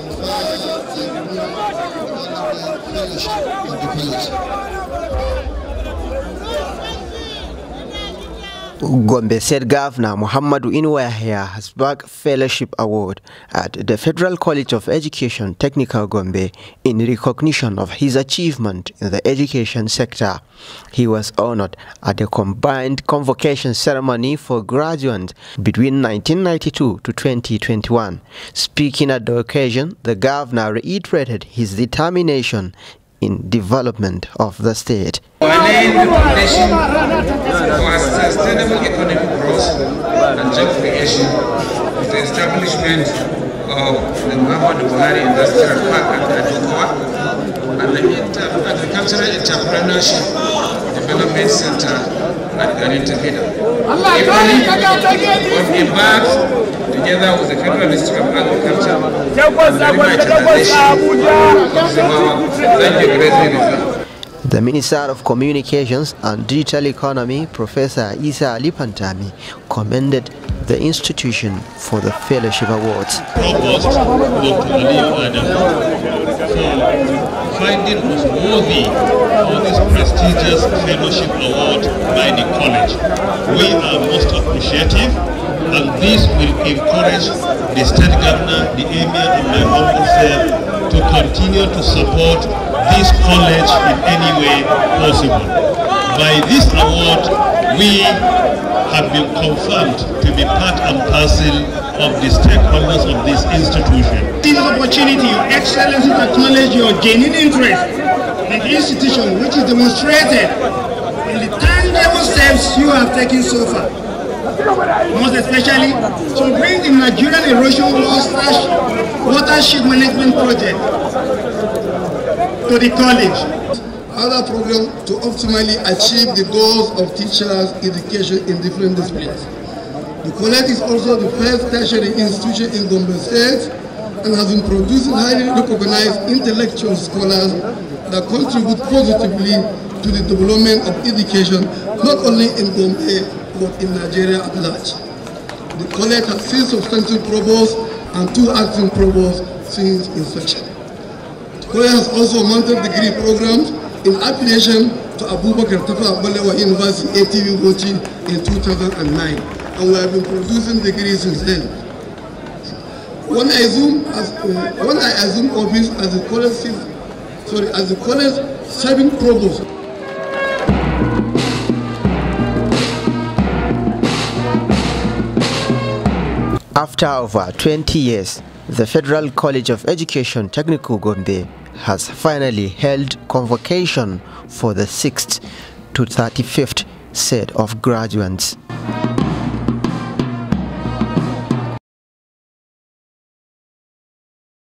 independence. Gombe State Governor Muhammadu Inuwa Yahya has bagged Fellowship Award at the Federal College of Education Technical Gombe in recognition of his achievement in the education sector. He was honored at the combined convocation ceremony for graduates between 1992 to 2021. Speaking at the occasion, the governor reiterated his determination in development of the state. the establishment of the Muhammad Buhari Industrial Park at and the Agricultural Entrepreneurship Development Center at Garita Vida. the together with the Federal Ministry of Agriculture the Minister of Communications and Digital Economy, Professor Isa Lipantami, commended the institution for the Fellowship Awards. Finding was worthy of this prestigious Fellowship Award by the college. We are most appreciative and this will encourage the state governor, the emir, and my humble self to continue to support this college in any way possible. By this award, we have been confirmed to be part and parcel of the stakeholders of this institution. This opportunity, Your Excellency, to acknowledge your genuine interest in the institution which is demonstrated in the tangible steps you have taken so far most especially to bring the Nigerian erosion watershed management project to the college. Other programs to optimally achieve the goals of teachers' education in different disciplines. The college is also the first tertiary institution in Gombe State and has been producing highly recognized intellectual scholars that contribute positively to the development of education not only in Gombe both in Nigeria at large. The college has six substantive provosts and two acting provosts since inception. The college has also mounted degree programs in affiliation to Abubakar Tafa Balewa University ATV in 2009, and we have been producing degrees since then. When I assume as, uh, when I assume office as the college, sorry, as the college serving provost After over 20 years, the Federal College of Education Technical Gombe has finally held convocation for the 6th to 35th set of graduates.